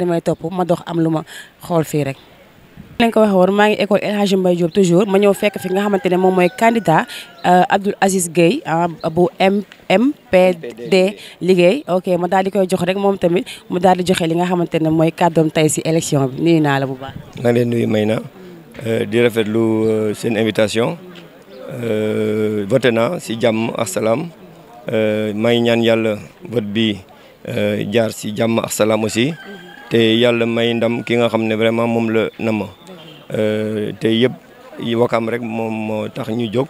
di may topp ma dox am lu ma xool fii rek leen ko waxe woon maa ngi école El Hadji Mbaye toujours ma ñëw fekk fi nga xamante ne moom mooy candidat euh, Abdoul Aziz Gueye ah, bu MPD liggéey ok ma daal di koy jox rek moom tamit mu daal di joxe li nga xamante ne mooy kàddoom tey si élection bi nii naa la bu baax maa ngi nuyu may na euh, di lu euh, seen invitation vote naa si jàmm ak salaam ñaan yàlla vote bi jaar si jàmm ak aussi te yàlla may ndam ki nga xam ne vraiment moom la na ma euh, te yëpp wakaam rek moom moo tax ñu jóg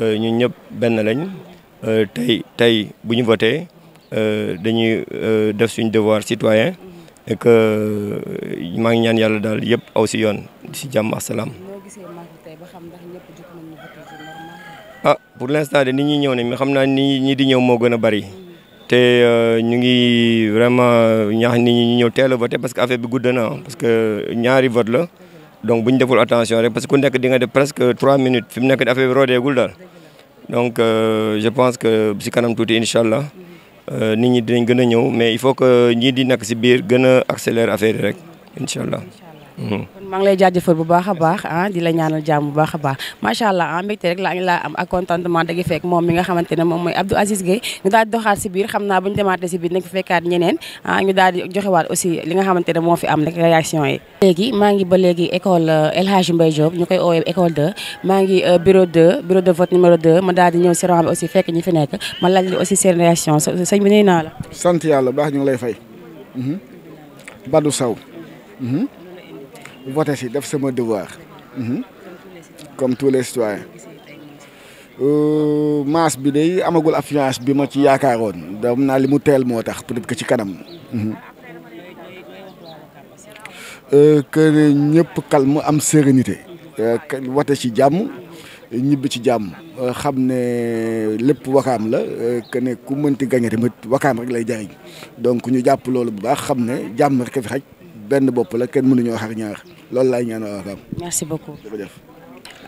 euh, ñu ñëpp benn lañ euh, tey tey bu ñu voté dañuy def suñu devoir citoyen et que maa ngi ñaan yàlla daal yëpp aw si yoon si jàmm assalaam a ah pour l'instant de nit ñi ñëw ne mi xam naa ni ñi di ñëw moo gën a bari te euh, ñu ngi vraiment ñaax nit ñu ñëw teel a voté parce que affaire bi gudd na parce que ñaari vote la donc bu ñu deful attention rek parce que ku nekk di nga def presque trois minutes fi mu nekk affaire bi roodeegul daal donc euh, je pense que si kanam tuuti incha allah euh, ni ñi dinañ gën a ñëw mais il faut que ñii di nekk si biir gën a accélérer affaire yi rek incha allah. Hmm. maa ngi lay jaajëfal bu baax a baax ah di la ñaanal jàmm bu baax a baax macha allah ah mbégte rek laa am a contentement dagi fekk moom mi nga xamante ne moom mooy Abdou Aziz Gueye ñu daal biir xam naa ñu demaatee si biir nañ ko fekkaat ñeneen ah ñu daal di li nga xamante ne moo fi am rek réaction yi léegi maa ngi ba léegi école euh, El Hadji Mbaye Diop ñu koy oowee école 2 maa ngi euh, bureau 2 bureau de vote numéro de ma daal di ñëw si aussi fekk ñi fi nekk ma laaj li aussi seen réaction sëñ bi nuyu naa la sant yàlla baax ñu ngi lay fay mhm. Badou c'est si def mon devoir comme tous les citoyens oh, mas masse bi day amagul affluence bi ma ci yaakaaroon dam naa li mu teel moo tax peut être que ci kanam mhm. euh que ñëpp calme am sérénité voter euh, ci jàmm ñibbi ci jàmm euh, xam ne lépp wakaam la euh, que ne ku mënti gagné tamit rek lay jariñ donc ñu jàpp loolu bu baax benn bopp la kenn mënuñoo xar ñaar loolu laay ñaan waa Wakaam. merci beaucoup jërëjëf.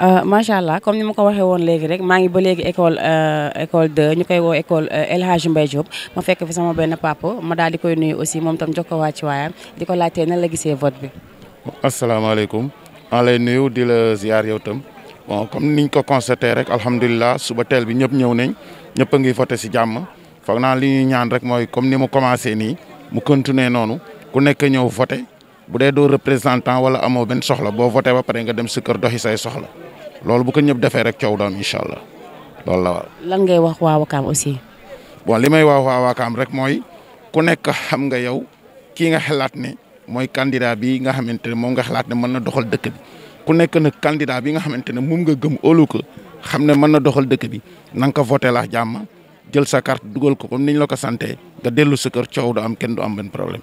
Euh, macha allah comme ni ma ko waxee woon léegi rek maa ngi ba léegi école euh, école 2 koy woo école euh, El Mbaye Diop ma fekk fi benn papa ma daal di koy nuyu aussi moom tam jox ko waa ci waayam di ko laajtee nan la gisee vote bi. asalaamaaleykum maa lay nuyu di la ziar yow tam bon comme niñ ko constaté rek alhamdulilah suba teel bi ñëpp ñëw nañ ñëpp ngi voté si jàmm foog naa li ñaan rek mooy comme ni mu commencé nii mu continuer noonu. ku nekk ñëw voté bu dee doo représentant wala amoo benn soxla boo voté ba pare nga dem sa kër doxi say soxla loolu bu ko ñëpp defee rek coow doom incha allah loolu la waaw. lan ngay wax waa Wakaam aussi. bon li may wax waa Wakaam rek mooy ku nekk xam nga yow kii nga xalaat ne mooy candidat bi nga xamante ne moom nga xalaat ne mën na doxal dëkk ku nekk nag candidat bi nga xamante ne moom nga gëm óolu xam ne mën na doxal dëkk bi na nga ko voté la jàmm jël sa carte dugal ko comme niñ la ko santee nga dellu sa kër coow du am kenn du am benn problème.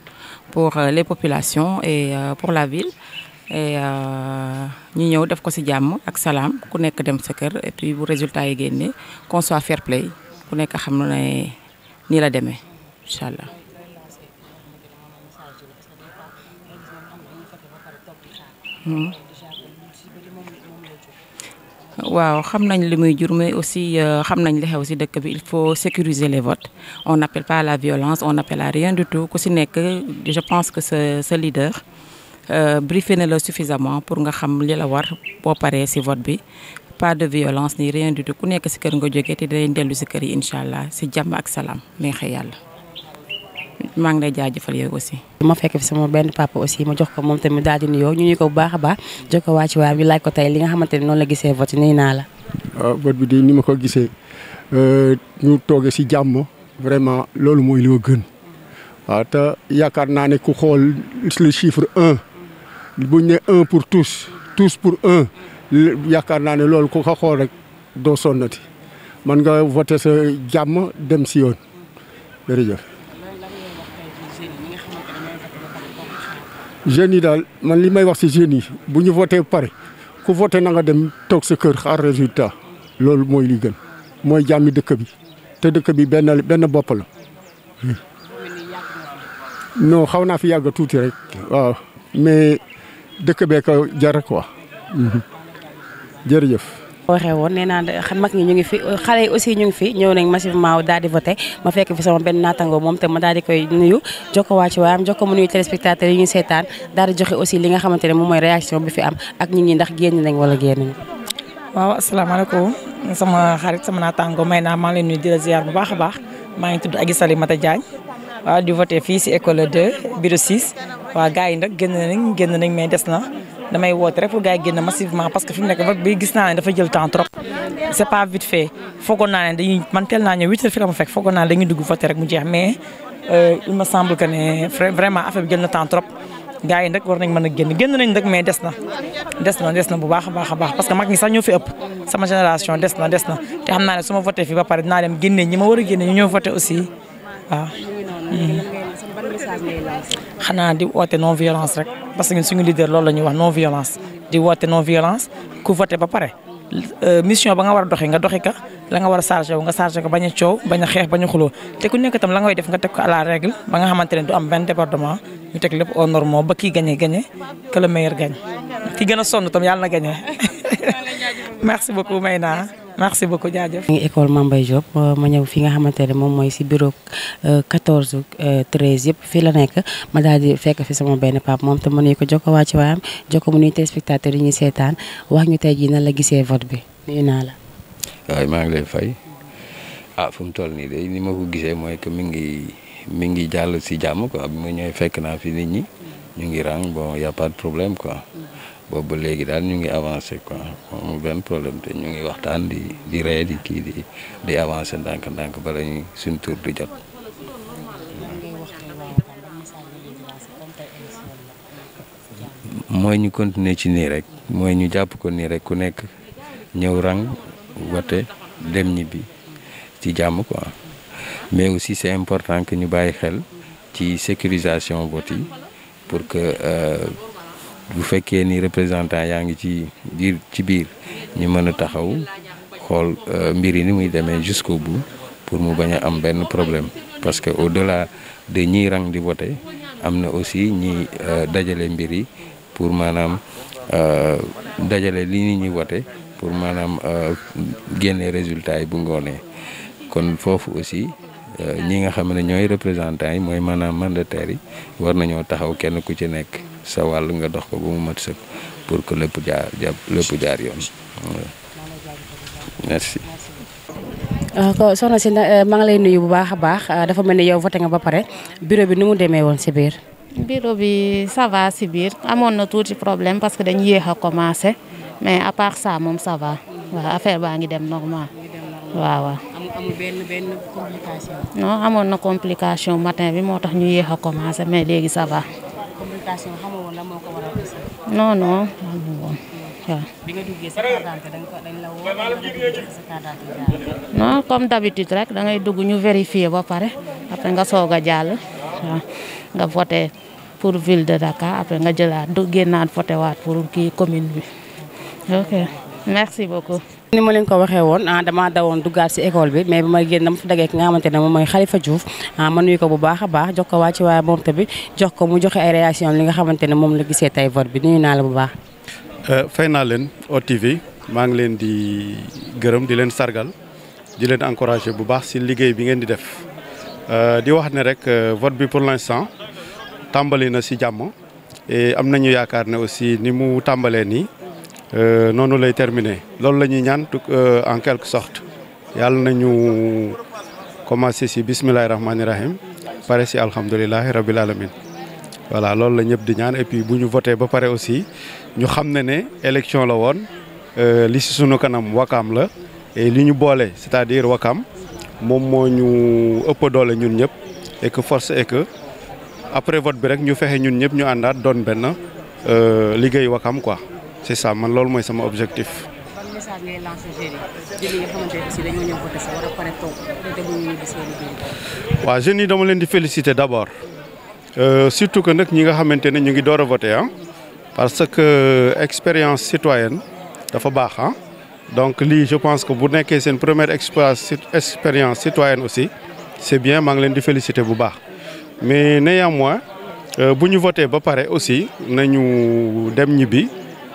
pour euh, les populations et euh, pour la ville et euh, ñu ñëw def ko ci jàmm ak salam ku nekk dem sa kër et puis bu résultat yi gagné, qu'on soit fair play ku nekk xam ne ni la demee incha allah. Inch'Allah. Hmm waaw xam nañ li mais aussi euh, xam li xew ci dëkk bi il faut sécuriser les votes on n'appelle pas à la violence on n'appelle à rien du tout ku ci que je pense que ce ce leader euh, na le suffisamment pour nga xam li la war pour paree ci vote bi pas de violence ni rien du tout ku nek ci kër nga jógee te dinañ dellu ci kër inshallah ci jàmm ak Salam, neexee yalla maa ngi lay jaajëfal yow aussi. ma fekk fi sama benn papa aussi ma jox ko moom tamit daal di nuyoo ñu nuyu ko bu baax a baax jox ko waa ci waayam ñu laaj ko tey li nga xamante ne noonu la gisee vote nii naa la. waaw ah, vote bi de ni ma ko gisee euh, ñu toogee si jàmm vraiment loolu mooy li gën waaw ah, yaakaar naa ne ku xool le chiffre un buñ ne pour tous tous pour un yaakaar naa ne loolu ku ko xool rek doo sonnati man nga voté sa jàmm dem si yoon jeunes yi daal man li may wax si jeunes yi bu ñu voté pare ku voté na nga dem toog sa kër xaar résultat loolu mooy li gën mooy jàmmi dëkk bi te dëkk bi benn benn bopp la. non xaw naa fi yàgg tuuti rek. waaw mais dëkk bee ko jar quoi. Mhm. jërëjëf. ko waxee woon nee naa mag ñi ñu ngi fi xale yi aussi ñu ngi fi ñëw nañ massivement daal di voté ma fekk fi sama benn naatangoo moom te ma daal di koy nuyu jokko waa ci waayam mu nuyu ñu joxe aussi li nga réaction bi fi am ak nit ñi ndax génn nañ wala génn waaw asalaamaaleykum sama xarit sama naatangoo may naa agisali ngi leen nuyu di la ziar bu baax a baax maa ngi tudd waaw di école 2 bureau 6 waaw nañ nañ mais na damay woote rek pour gars massivement parce que dafa jël temps trop c'est pas vite fait man la rek mu mais euh, il me semble que vraiment affaire bi jël na temps trop gars yi nag war nañ mën a génn nañ nag mais des na des na des na bu baax a baax a parce que ñoo fi génération des na des na voté ba dem war a génne ñu aussi hmm. xana di wote non violence rek parce que suñu leader loolu lañu wax non violence di wote non violence ku voté ba pare euh, mission ba nga war doxé nga doxé ka la nga war charger nga charger ko baña ciow baña xex baña xulo té ku nekk tam la ngay def nga tek ko à la règle ba nga xamante du am benn département ñu tek lepp au normo ba ki gagné gagné que le meilleur gagne ki gëna sonu tam yalla na gagné merci beaucoup Mayna merci beaucoup jaajëf. ngi école mambay job euh, ma ñew fi nga xamantene mom moy ci bureau 14 13 yep fi la nek ma daldi fekk fi sama benn pap mom te ma nuyu ko joko waa ci waayam jokko mu nuyu téléspectateur ñi sétane wax ñu tay ji nan la gisé vote bi nuyu naa la. ay ma ngi lay fay ah fu mu toll ni de ni ma ko gisee mooy mi ngi mi ngi jall si jamm quoi bi ma ñëwee fekk na fi nit ñi ñu ngi rang bon y' a pas de problème quoi. boobu léegi daal ñu ngi avancé quoi benn problème te ñu ngi waxtaan di di ree di kii di di avancé ndànk-ndànk bala ñu suñ tur di jot. mooy ñu continuer ci nii rek mooy ñu jàpp ko nii rek ku nekk ñëw rang wote dem ñibbi ci jàmm quoi mais aussi c'est important que ñu bàyyi xel ci sécurisation vote yi pour que. Euh, bu fekkee ni représentant yaa ngi ci biir ci biir ñu mën a taxaw xool euh, mbir yi ni muy demee jusqu'au bu pour mu bañ a am benn problème parce que au-delà de ñiy rang di voter am na aussi ñiy euh, dajale mbir yi pour maanaam euh, dajale li nit ñi voter pour maanaam génne résultat yi bu ngoonee kon foofu aussi ñi nga xam ne ñooy représentants yi mooy maanaam mandataires yi war nañoo taxaw kenn ku ci nekk sa wàll nga dox ko bu mu mat sëkk pour que lepp jaar lepp jaar yoon merci ah, ko soxna ci ma nga lay nuyu bu baakha baax ah, dafa melni yow voté nga ba paré bureau bi ni mu demee woon si biir bureau bi ça va ci biir amoon na touti problème parce que dañ yéex commencé mais à part ça mom ça va wa affaire baa ngi dem normal wa wa amul ben ben complication non amoon na complication matin bi motax ñu yéex commencé mais légui ça va communication xamoo woon la non comme d'habitude rek da ngay dugg ñu vérifier ba pare après nga soog a jàll nga voté pour ville de Dakar après nga jëlaat du génnaat voté waat pour kii commune bi ok merci beaucoup. ni ma len ko waxe won ah dama dawon dugal ci école bi mais bima genn dama fa dagge ak nga xamantene mom moy Khalifa Diouf ah man nuyu ko bu baax baax jox ko waa ci mom tabi jox ko mu joxe ay réaction li nga xamantene mom la gisee tay vote bi nuyu na la bu baax. Euh, fay naa leen OTV ma ngi len di gërëm di len sargal di len encourager bu baax ci liggéey bi ngeen di def euh, di wax ne rek euh, vote bi pour l'instant tambali na si jamm et am nañu yaakar ne aussi ni mu tàmbalee ni Euh, nonu lay terminer lolou lañuy ñaan euh, en quelque sorte yalla nañu commencer ci bismillahirrahmanirrahim paré rahim pare si alamin voilà lolou la ñëpp di ñaan et puis buñu voter ba pare aussi ñu xamné né élection la won euh, li ci sunu kanam wakam la et li ñu boole c' à dire wakam mom mo ñu ëpp doole ñun ñëpp et que force et que après vote bi rek ñu fexé ñun ñëpp ñu andat doon ben euh, wakam quoi c'est ça c'est mon objectif. le message lancé féliciter d'abord euh, surtout que nous, ñi hein, parce que l'expérience euh, citoyenne dafa hein. donc je pense que vous c'est une première expérience citoyenne aussi c'est bien je vous félicite féliciter mais néanmoins vous ne voté ba pareil aussi nañu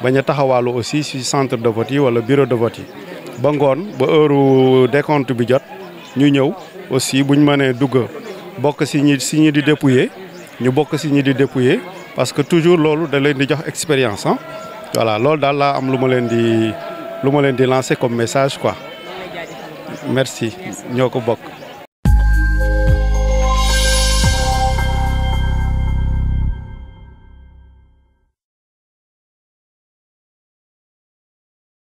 bañ a taxawaalu aussi si centre de vote yi wala bureau de vote yi ba ngoon ba heure décompte bi jot ñu ñëw aussi buñ mënee dugg bokk si ñi ci di dépouiller ñu bokk si ñi di dépouiller parce que toujours loolu da leen di jox expérience ah voilà loolu daal laa am lu ma leen di lu ma leen di lancer comme message quoi merci ñoo ko bokk